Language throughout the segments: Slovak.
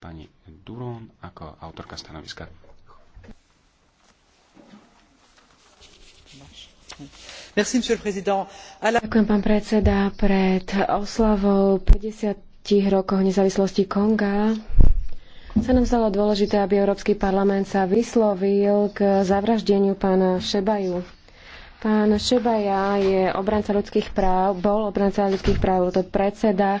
pani Durón ako autorka stanoviska. Ďakujem, pán predseda. Pred oslavou 50 rokoch nezávislosti Konga sa nám stalo dôležité, aby Európsky parlament sa vyslovil k zavraždeniu pána Šebaju. Pán Šebaja je obranca ľudských práv, bol obranca ľudských práv, to predseda uh,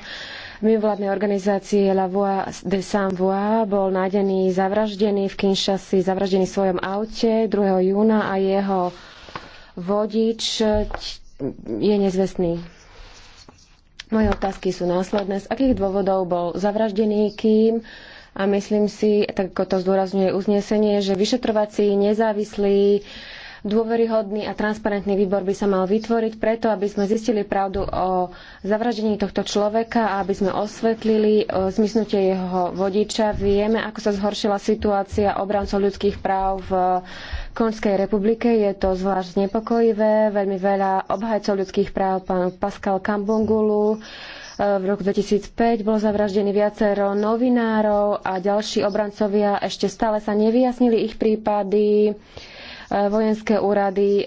mimovládnej organizácie La Voix de Saint Voix bol nájdený zavraždený v Kinshasi, zavraždený v svojom aute 2. júna a jeho vodič je nezvestný. Moje otázky sú následné. Z akých dôvodov bol zavraždený, kým a myslím si, tak ako to zdôrazňuje uznesenie, že vyšetrovací nezávislí Dôveryhodný a transparentný výbor by sa mal vytvoriť preto, aby sme zistili pravdu o zavraždení tohto človeka a aby sme osvetlili e, zmysnutie jeho vodiča. Vieme, ako sa zhoršila situácia obrancov ľudských práv v Konskej republike. Je to zvlášť nepokojivé. Veľmi veľa obhajcov ľudských práv, pán Pascal Kambongulu, e, v roku 2005 bolo zavraždený viacero novinárov a ďalší obrancovia. Ešte stále sa nevyjasnili ich prípady. Eh, vojenské úrady eh,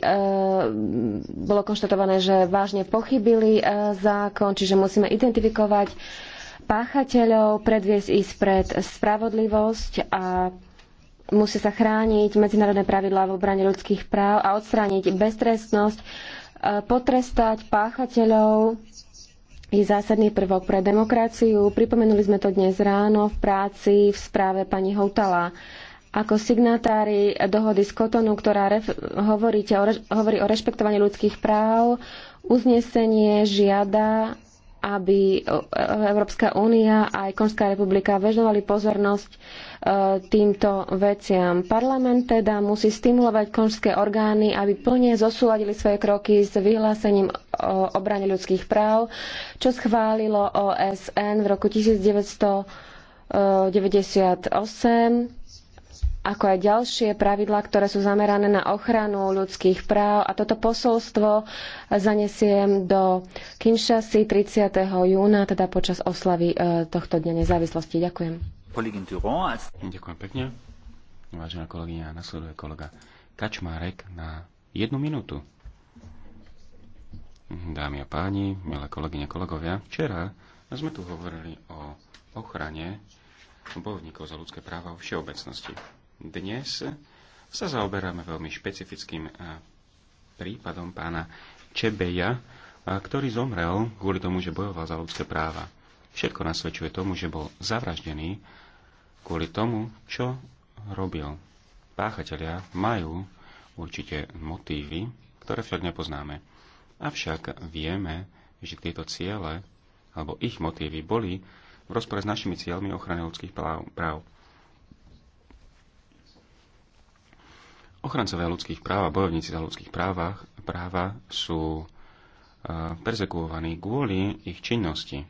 bolo konštatované, že vážne pochybili eh, zákon, čiže musíme identifikovať páchateľov, predviesť ich pred spravodlivosť a musí sa chrániť medzinárodné pravidlá v obrane ľudských práv a odstrániť beztrestnosť, potrestať páchateľov je zásadný prvok pre demokraciu. Pripomenuli sme to dnes ráno v práci v správe pani Houtala ako signatári dohody z Kotonu, ktorá ref- hovoríte o hovorí o rešpektovaní ľudských práv, uznesenie žiada, aby Európska únia a aj Konská republika vežovali pozornosť e, týmto veciam. Parlament teda musí stimulovať konžské orgány, aby plne zosúladili svoje kroky s vyhlásením o obrane ľudských práv, čo schválilo OSN v roku 1998 ako aj ďalšie pravidlá, ktoré sú zamerané na ochranu ľudských práv. A toto posolstvo zanesiem do Kinshasy 30. júna, teda počas oslavy e, tohto dňa nezávislosti. Ďakujem. Ďakujem pekne. Vážená kolegyňa, nasleduje kolega Kačmárek na jednu minútu. Dámy a páni, milé kolegyne, kolegovia, včera sme tu hovorili o ochrane bojovníkov za ľudské práva vo všeobecnosti. Dnes sa zaoberáme veľmi špecifickým eh, prípadom pána Čebeja, eh, ktorý zomrel kvôli tomu, že bojoval za ľudské práva. Všetko nasvedčuje tomu, že bol zavraždený kvôli tomu, čo robil. Páchatelia majú určite motívy, ktoré však nepoznáme. Avšak vieme, že tieto ciele alebo ich motívy boli v rozpore s našimi cieľmi ochrany ľudských práv. Ochrancovia ľudských práv a bojovníci za ľudských právach, práva sú e, perzekuovaní kvôli ich činnosti.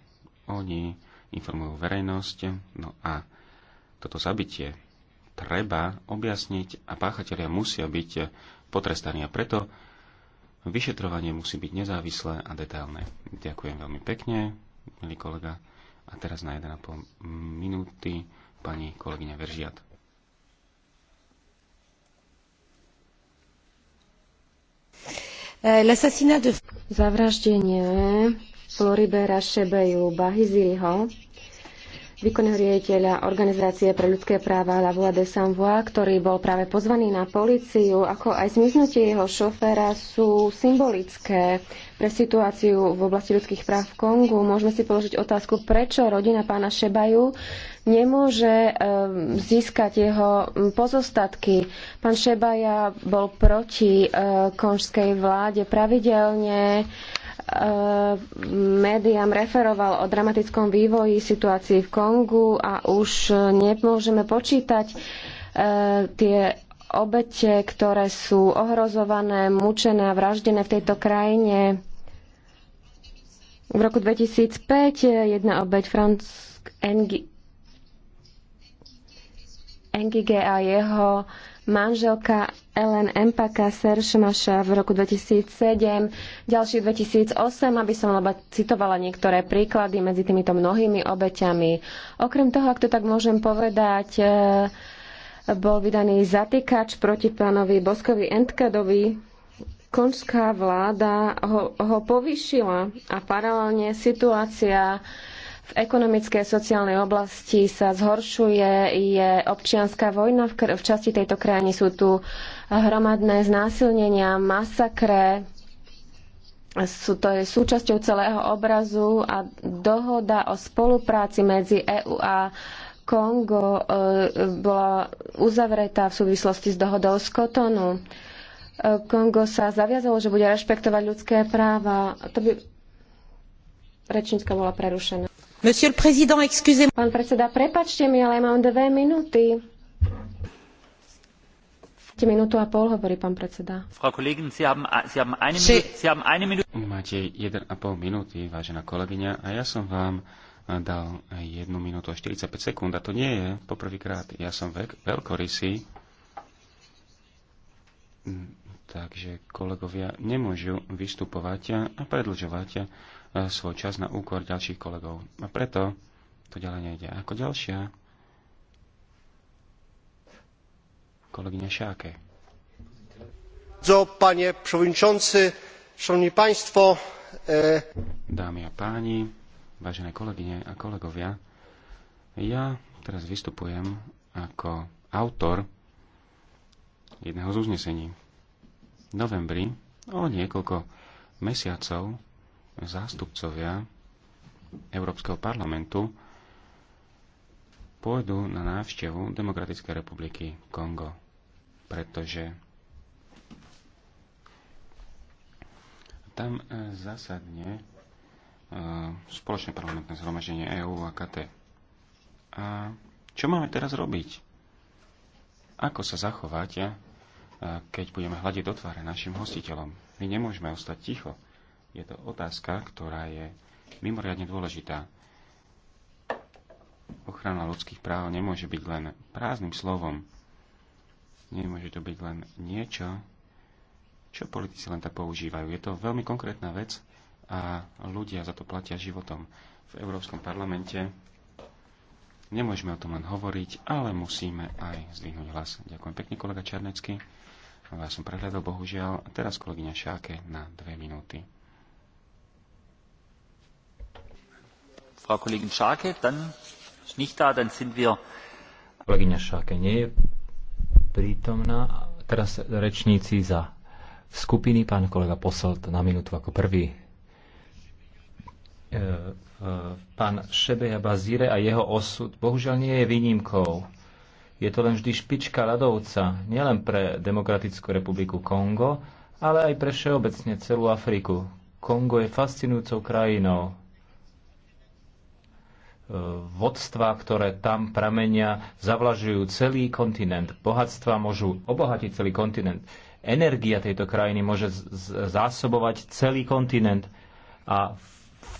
Oni informujú verejnosť, no a toto zabitie treba objasniť a páchatelia musia byť potrestaní a preto vyšetrovanie musí byť nezávislé a detailné. Ďakujem veľmi pekne, milý kolega. A teraz na 1,5 minúty pani kolegyňa Veržiat. Eh, Zavraždenie Floribera Šebeju Bahiziriho výkonného riaditeľa Organizácie pre ľudské práva Lavoa de Voix, ktorý bol práve pozvaný na políciu, ako aj zmiznutie jeho šoféra sú symbolické pre situáciu v oblasti ľudských práv v Kongu. Môžeme si položiť otázku, prečo rodina pána Šebaju nemôže eh, získať jeho pozostatky. Pán Šebaja bol proti eh, konžskej vláde pravidelne Eh, médiám referoval o dramatickom vývoji situácii v Kongu a už nemôžeme počítať eh, tie obete, ktoré sú ohrozované, mučené a vraždené v tejto krajine. V roku 2005 jedna obeť Franz Engige a jeho manželka Ellen Empaka Seršmaša v roku 2007, ďalší 2008, aby som leba citovala niektoré príklady medzi týmito mnohými obeťami. Okrem toho, ak to tak môžem povedať, e, bol vydaný zatýkač proti pánovi Boskovi Entkadovi, Konská vláda ho, ho povýšila a paralelne situácia v ekonomickej a sociálnej oblasti sa zhoršuje, je občianská vojna. V, kr- v časti tejto krajiny sú tu hromadné znásilnenia, masakre. Sú, to je súčasťou celého obrazu a dohoda o spolupráci medzi EU a Kongo e, bola uzavretá v súvislosti s dohodou z Kotonu. E, Kongo sa zaviazalo, že bude rešpektovať ľudské práva. To by... Rečnícka bola prerušená. Monsieur le Président, excusez-moi. Pán predseda, prepačte mi, ale ja mám dve minúty. Minútu a pol, hovorí pán predseda. Frau Kollegin, Sie haben, Sie haben eine Minute, Sie haben eine Minute. Máte jeden a pol minúty, vážená kolegyňa, a ja som vám dal 1 minútu a 45 sekúnd, a to nie je poprvýkrát. Ja som vek, veľkorysý, mm, takže kolegovia nemôžu vystupovať a predlžovať Eh, svoj čas na úkor ďalších kolegov. A preto to ďalej nejde. Ako ďalšia kolegyňa Šáke. Panie przewodniczący, szanowni państwo. Eh, Dámy a páni, vážené kolegyne a kolegovia, ja teraz vystupujem ako autor jedného z uznesení. V novembri, o niekoľko mesiacov, zástupcovia Európskeho parlamentu pôjdu na návštevu Demokratickej republiky Kongo, pretože tam e, zasadne e, spoločné parlamentné zhromaždenie EÚ a KT. A čo máme teraz robiť? Ako sa zachovať, e, keď budeme hľadiť do tváre našim hostiteľom? My nemôžeme ostať ticho. Je to otázka, ktorá je mimoriadne dôležitá. Ochrana ľudských práv nemôže byť len prázdnym slovom. Nemôže to byť len niečo, čo politici len tak používajú. Je to veľmi konkrétna vec a ľudia za to platia životom. V Európskom parlamente nemôžeme o tom len hovoriť, ale musíme aj zdvihnúť hlas. Ďakujem pekne, kolega Čarnecky. Vás som prehľadol, bohužiaľ. A teraz kolegyňa Šáke na dve minúty. Frau Kollegin Kolegyňa Šáke nie je prítomná. Teraz rečníci za skupiny. Pán kolega Posolt na minútu ako prvý. E, e, pán Šebeja Bazíre a jeho osud bohužiaľ nie je výnimkou. Je to len vždy špička ľadovca, nielen pre Demokratickú republiku Kongo, ale aj pre všeobecne celú Afriku. Kongo je fascinujúcou krajinou, vodstva, ktoré tam pramenia, zavlažujú celý kontinent. Bohatstva môžu obohatiť celý kontinent. Energia tejto krajiny môže zásobovať celý kontinent. A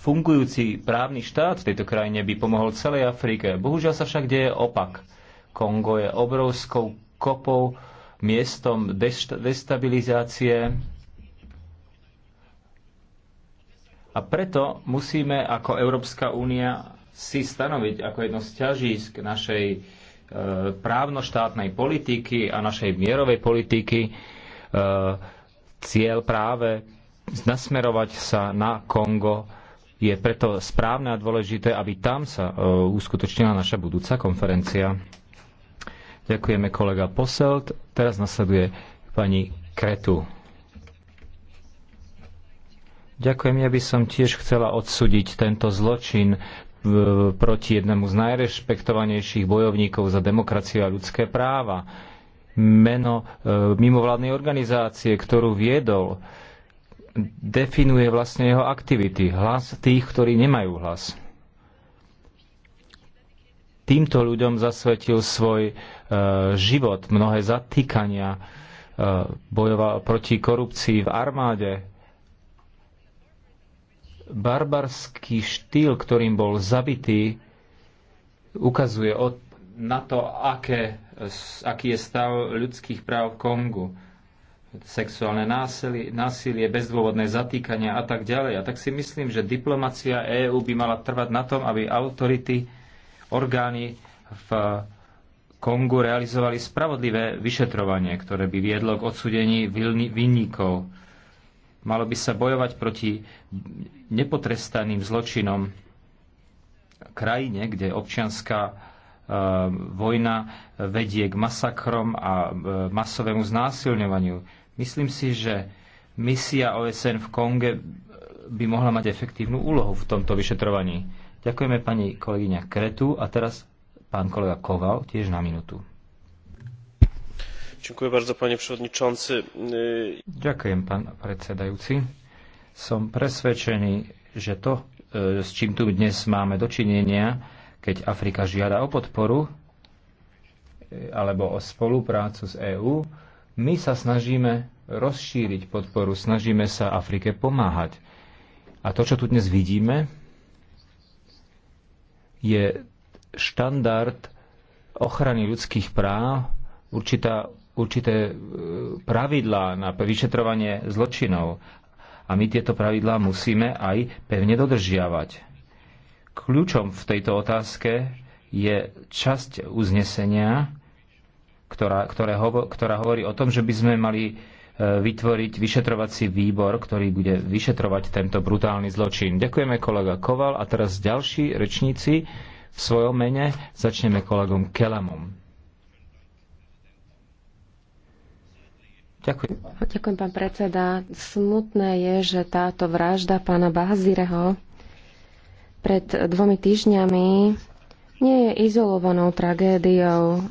fungujúci právny štát v tejto krajine by pomohol celej Afrike. Bohužiaľ sa však deje opak. Kongo je obrovskou kopou, miestom destabilizácie, a preto musíme ako Európska únia si stanoviť ako jedno z ťažísk našej e, právnoštátnej politiky a našej mierovej politiky e, cieľ práve nasmerovať sa na Kongo. Je preto správne a dôležité, aby tam sa e, uskutočnila naša budúca konferencia. Ďakujeme kolega Poselt. Teraz nasleduje pani Kretu. Ďakujem, ja by som tiež chcela odsúdiť tento zločin, proti jednému z najrešpektovanejších bojovníkov za demokraciu a ľudské práva. Meno e, mimovládnej organizácie, ktorú viedol, definuje vlastne jeho aktivity, hlas tých, ktorí nemajú hlas. Týmto ľuďom zasvetil svoj e, život, mnohé zatýkania, e, bojoval proti korupcii v armáde, barbarský štýl, ktorým bol zabitý, ukazuje od, na to, aké, aký je stav ľudských práv v Kongu. Sexuálne násilie, násilie, bezdôvodné zatýkania a tak ďalej. A tak si myslím, že diplomacia EÚ by mala trvať na tom, aby autority, orgány v Kongu realizovali spravodlivé vyšetrovanie, ktoré by viedlo k odsudení vinníkov Malo by sa bojovať proti nepotrestaným zločinom krajine, kde občianská e, vojna vedie k masakrom a e, masovému znásilňovaniu. Myslím si, že misia OSN v Konge by mohla mať efektívnu úlohu v tomto vyšetrovaní. Ďakujeme pani kolegyňa Kretu a teraz pán kolega Koval tiež na minútu. Ďakujem, pán predsedajúci. Som presvedčený, že to, e, s čím tu dnes máme dočinenia, keď Afrika žiada o podporu e, alebo o spoluprácu s EÚ, my sa snažíme rozšíriť podporu, snažíme sa Afrike pomáhať. A to, čo tu dnes vidíme, je štandard ochrany ľudských práv, určitá určité e, pravidlá na vyšetrovanie zločinov a my tieto pravidlá musíme aj pevne dodržiavať. Kľúčom v tejto otázke je časť uznesenia, ktorá, ktoré hovo, ktorá hovorí o tom, že by sme mali e, vytvoriť vyšetrovací výbor, ktorý bude vyšetrovať tento brutálny zločin. Ďakujeme kolega Koval a teraz ďalší rečníci v svojom mene začneme kolegom Kelamom. Ďakujem. Ďakujem, pán predseda. Smutné je, že táto vražda pána Bahazireho pred dvomi týždňami nie je izolovanou tragédiou.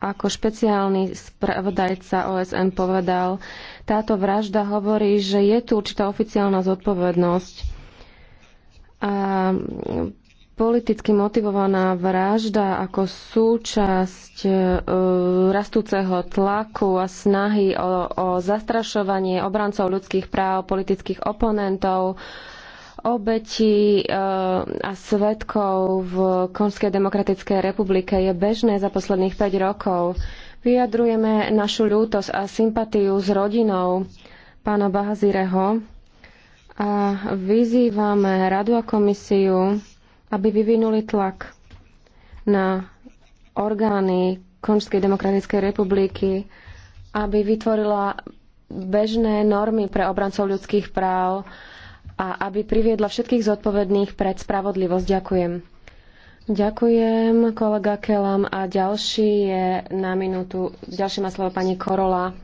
Ako špeciálny spravodajca OSN povedal, táto vražda hovorí, že je tu určitá oficiálna zodpovednosť. A politicky motivovaná vražda ako súčasť e, rastúceho tlaku a snahy o, o zastrašovanie obrancov ľudských práv, politických oponentov, obetí e, a svetkov v Konskej demokratickej republike je bežné za posledných 5 rokov. Vyjadrujeme našu ľútosť a sympatiu s rodinou pána Bahazireho a vyzývame Radu a komisiu aby vyvinuli tlak na orgány Konžskej demokratickej republiky, aby vytvorila bežné normy pre obrancov ľudských práv a aby priviedla všetkých zodpovedných pred spravodlivosť. Ďakujem. Ďakujem, kolega Kelam. A ďalší je na minútu, ďalšie má slovo pani Korola.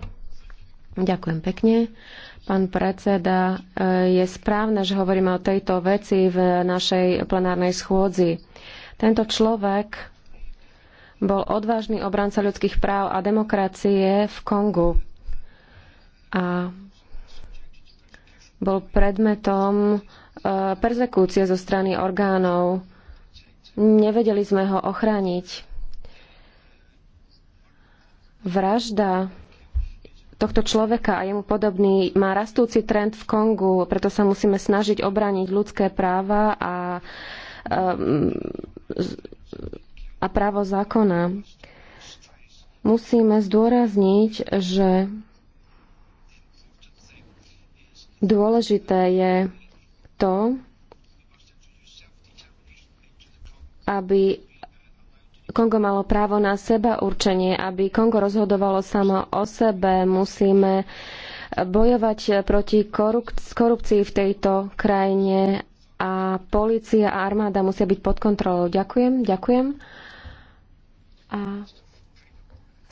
Ďakujem pekne. Pán predseda, e, je správne, že hovoríme o tejto veci v našej plenárnej schôdzi. Tento človek bol odvážny obranca ľudských práv a demokracie v Kongu a bol predmetom e, perzekúcie zo strany orgánov. Nevedeli sme ho ochrániť. Vražda tohto človeka a jemu podobný má rastúci trend v Kongu, preto sa musíme snažiť obraniť ľudské práva a, ehm, a právo zákona. Musíme zdôrazniť, že dôležité je to, aby Kongo malo právo na seba určenie, aby Kongo rozhodovalo samo o sebe, musíme bojovať proti korupcii v tejto krajine a polícia a armáda musia byť pod kontrolou. Ďakujem, ďakujem. A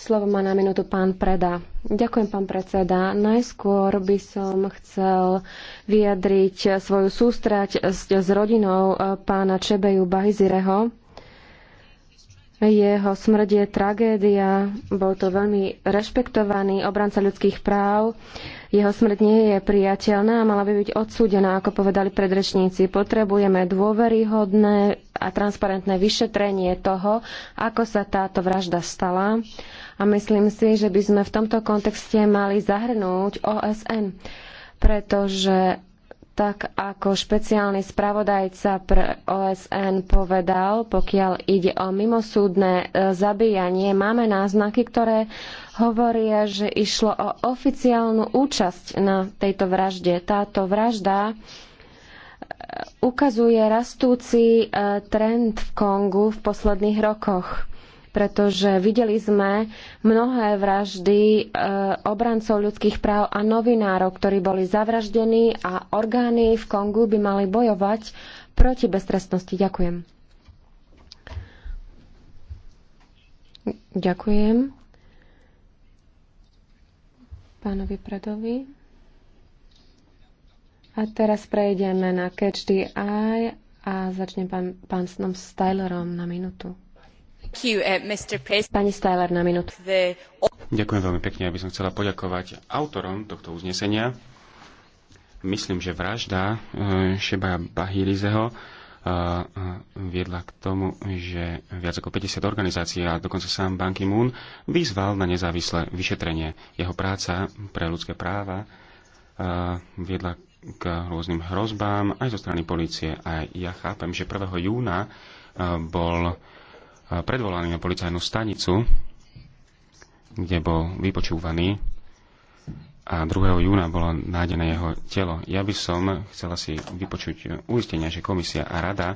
slovo má na minútu pán Preda. Ďakujem, pán predseda. Najskôr by som chcel vyjadriť svoju sústrať s rodinou eh, pána Čebeju Bahizireho jeho smrť je tragédia, bol to veľmi rešpektovaný obranca ľudských práv. Jeho smrť nie je priateľná a mala by byť odsúdená, ako povedali predrečníci. Potrebujeme dôveryhodné a transparentné vyšetrenie toho, ako sa táto vražda stala. A myslím si, že by sme v tomto kontexte mali zahrnúť OSN, pretože tak ako špeciálny spravodajca pre OSN povedal, pokiaľ ide o mimosúdne e, zabíjanie, máme náznaky, ktoré hovoria, že išlo o oficiálnu účasť na tejto vražde. Táto vražda e, ukazuje rastúci e, trend v Kongu v posledných rokoch pretože videli sme mnohé vraždy e, obrancov ľudských práv a novinárov, ktorí boli zavraždení a orgány v Kongu by mali bojovať proti beztrestnosti. Ďakujem. Ďakujem. Pánovi Predovi. A teraz prejdeme na Catch the Eye a začne pán, pán Snom Tylerom na minútu. Uh, Ďakujem veľmi pekne, aby som chcela poďakovať autorom tohto uznesenia. Myslím, že vražda uh, Šebaja Bahirizeho uh, viedla k tomu, že viac ako 50 organizácií a dokonca sám Ban Ki-moon vyzval na nezávislé vyšetrenie. Jeho práca pre ľudské práva viedla k rôznym hrozbám aj zo strany policie. A ja chápem, že 1. júna bol predvolaný na policajnú stanicu, kde bol vypočúvaný a 2. júna bolo nájdené jeho telo. Ja by som chcela si vypočuť uistenia, že komisia a rada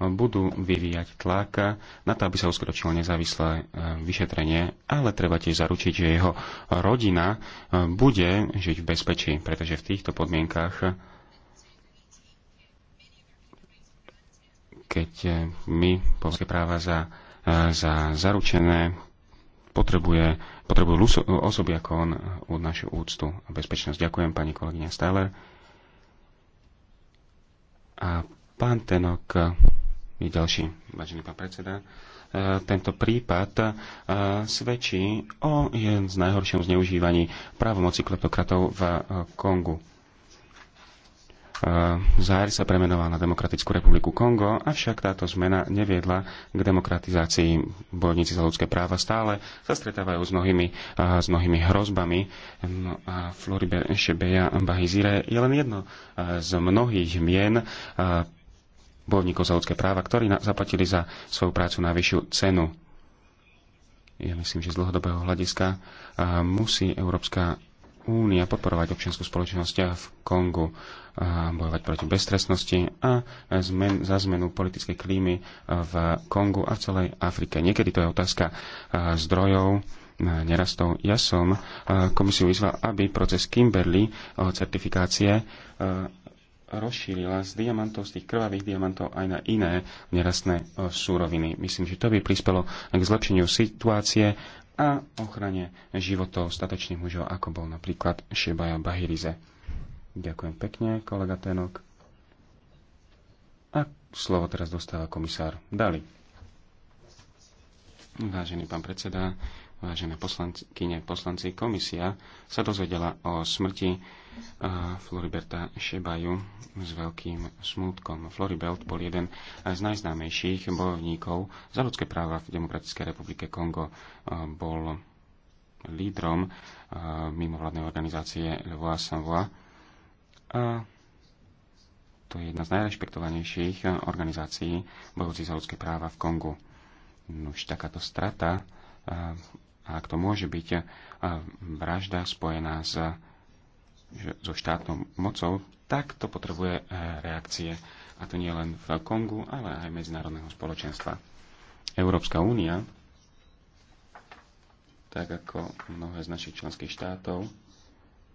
budú vyvíjať tlak na to, aby sa uskutočnilo nezávislé e, vyšetrenie, ale treba tiež zaručiť, že jeho rodina e, bude žiť v bezpečí, pretože v týchto podmienkach keď e, my povedzme práva za E, za zaručené potrebuje, potrebujú osoby ako on e, od našu úctu a bezpečnosť. Ďakujem pani kolegyňa Stáler. A pán Tenok je ďalší, vážený pán predseda. E, tento prípad svedčí o jeden z najhoršom zneužívaní právomoci kleptokratov v Kongu Eh, Zaire sa premenoval na Demokratickú republiku Kongo, avšak táto zmena neviedla k demokratizácii. Bojovníci za ľudské práva stále sa stretávajú s mnohými, eh, s mnohými hrozbami. No a Floribert Shebeya Bahizire je len jedno eh, z mnohých mien bojovníkov za ľudské práva, ktorí zaplatili za svoju prácu na vyššiu cenu. Ja myslím, že z dlhodobého hľadiska musí Európska únia podporovať občianskú spoločnosť v Kongu, bojovať proti beztrestnosti a zmen, za zmenu politickej klímy v Kongu a v celej Afrike. Niekedy to je otázka zdrojov, nerastov. Ja som komisiu vyzval, aby proces Kimberly certifikácie rozšírila z diamantov, z tých krvavých diamantov aj na iné nerastné súroviny. Myslím, že to by prispelo k zlepšeniu situácie a ochrane životov statočných mužov, ako bol napríklad Šebaja Bahirize. Ďakujem pekne, kolega Tenok. A slovo teraz dostáva komisár Dali. Vážený pán predseda, vážené poslankyne, poslanci, komisia sa dozvedela o smrti eh, Floriberta Šebaju s veľkým smútkom. Floribelt bol jeden z najznámejších bojovníkov za ľudské práva v Demokratickej republike Kongo. Eh, bol lídrom eh, mimovládnej organizácie Le Voix sans Voix a to je jedna z najrešpektovanejších organizácií bojovcí za ľudské práva v Kongu. Už takáto strata ak to môže byť vražda spojená s, so štátnou mocou, tak to potrebuje e, reakcie. A to nie len v Kongu, ale aj medzinárodného spoločenstva. Európska únia, tak ako mnohé z našich členských štátov,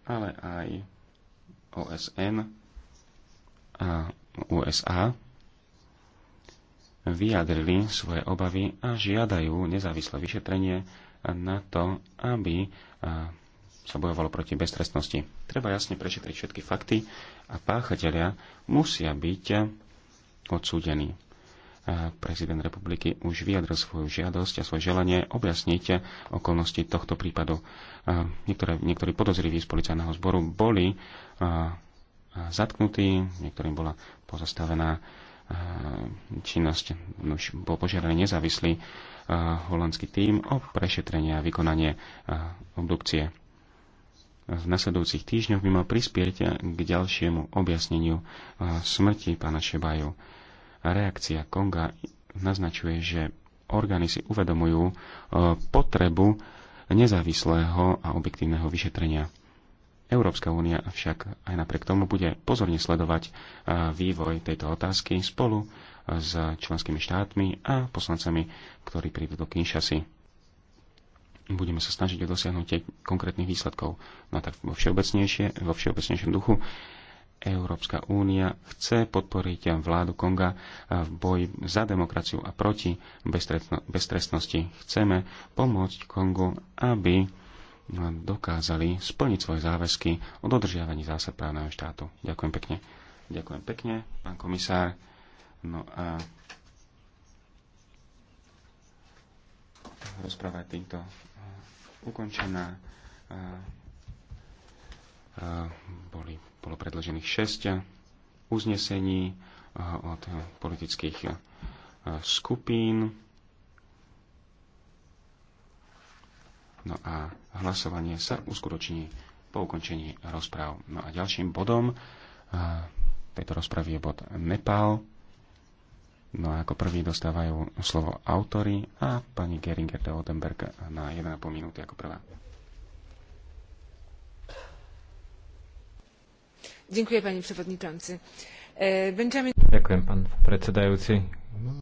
ale aj OSN a USA, vyjadrili svoje obavy a žiadajú nezávislé vyšetrenie na to, aby sa bojovalo proti beztrestnosti. Treba jasne prešetriť všetky fakty a páchatelia musia byť odsúdení. Prezident republiky už vyjadril svoju žiadosť a svoje želanie objasniť okolnosti tohto prípadu. Niektoré, niektorí podozriví z policajného zboru boli zatknutí, niektorým bola pozastavená Eh, činnosť. Už no, bol požiadaný nezávislý eh, holandský tím o prešetrenie a vykonanie eh, obdukcie. V nasledujúcich týždňoch by mal prispieť k ďalšiemu objasneniu smrti pána Šebaju. Reakcia Konga naznačuje, že orgány si uvedomujú potrebu nezávislého a objektívneho vyšetrenia. Európska únia však aj napriek tomu bude pozorne sledovať e, vývoj tejto otázky spolu e, s členskými štátmi a poslancami, ktorí prídu do Kinshasy. Budeme sa snažiť o dosiahnutie konkrétnych výsledkov. No tak vo, všeobecnejšie, vo všeobecnejšom duchu Európska únia chce podporiť vládu Konga e, v boji za demokraciu a proti beztrestnosti. Chceme pomôcť Kongu, aby dokázali splniť svoje záväzky o dodržiavaní zásad právneho štátu. Ďakujem pekne. Ďakujem pekne, pán komisár. No a rozpráva je týmto e, ukončená. E, e, boli, bolo predložených 6 uznesení od politických skupín. No a hlasovanie sa uskutoční po ukončení rozpráv. No a ďalším bodom tejto rozpravy je bod Nepal. No a ako prvý dostávajú slovo autory a pani Geringer de Odenberg na 1,5 minúty ako prvá. Ďakujem, pani predsedajúci. Ďakujem, pán predsedajúci.